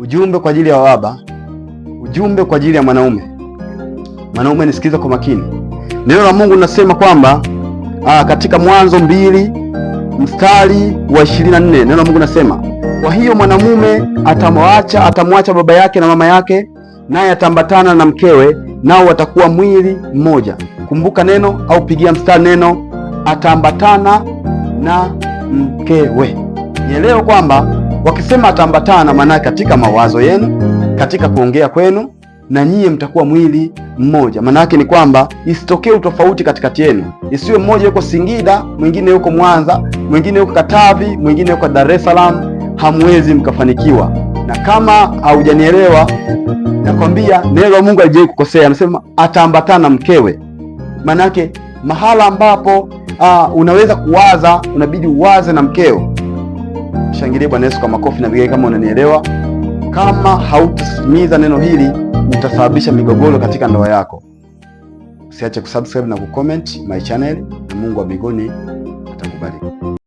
Ujumbe kwa ajili ya wababa, ujumbe kwa ajili ya mwanaume. Mwanaume, nisikiliza kwa makini, neno la Mungu linasema kwamba aa, ah, katika Mwanzo mbili mstari wa 24 neno la Mungu nasema kwa hiyo mwanamume atamwacha atamwacha baba yake na mama yake, naye atambatana na mkewe, nao watakuwa mwili mmoja. Kumbuka neno au pigia mstari neno atambatana na mkewe. Nielewe kwamba Wakisema ataambatana, manake katika mawazo yenu, katika kuongea kwenu, na nyie mtakuwa mwili mmoja. Maana ni kwamba isitokee utofauti katikati yenu, isiwe mmoja yuko Singida, mwingine yuko Mwanza, mwingine yuko Katavi, mwingine yuko Dar es Salaam. Hamwezi mkafanikiwa. Na kama haujanielewa, nakwambia neno la Mungu alijai kukosea. Anasema ataambatana mkewe, maana mahala ambapo uh, unaweza kuwaza, unabidi uwaze na mkeo mshangilie Bwana Yesu kwa makofi na vigae kama unanielewa. Kama hautasimiza neno hili utasababisha migogoro katika ndoa yako. Usiache kusubscribe na kucomment my channel, na Mungu wa mbinguni atakubariki.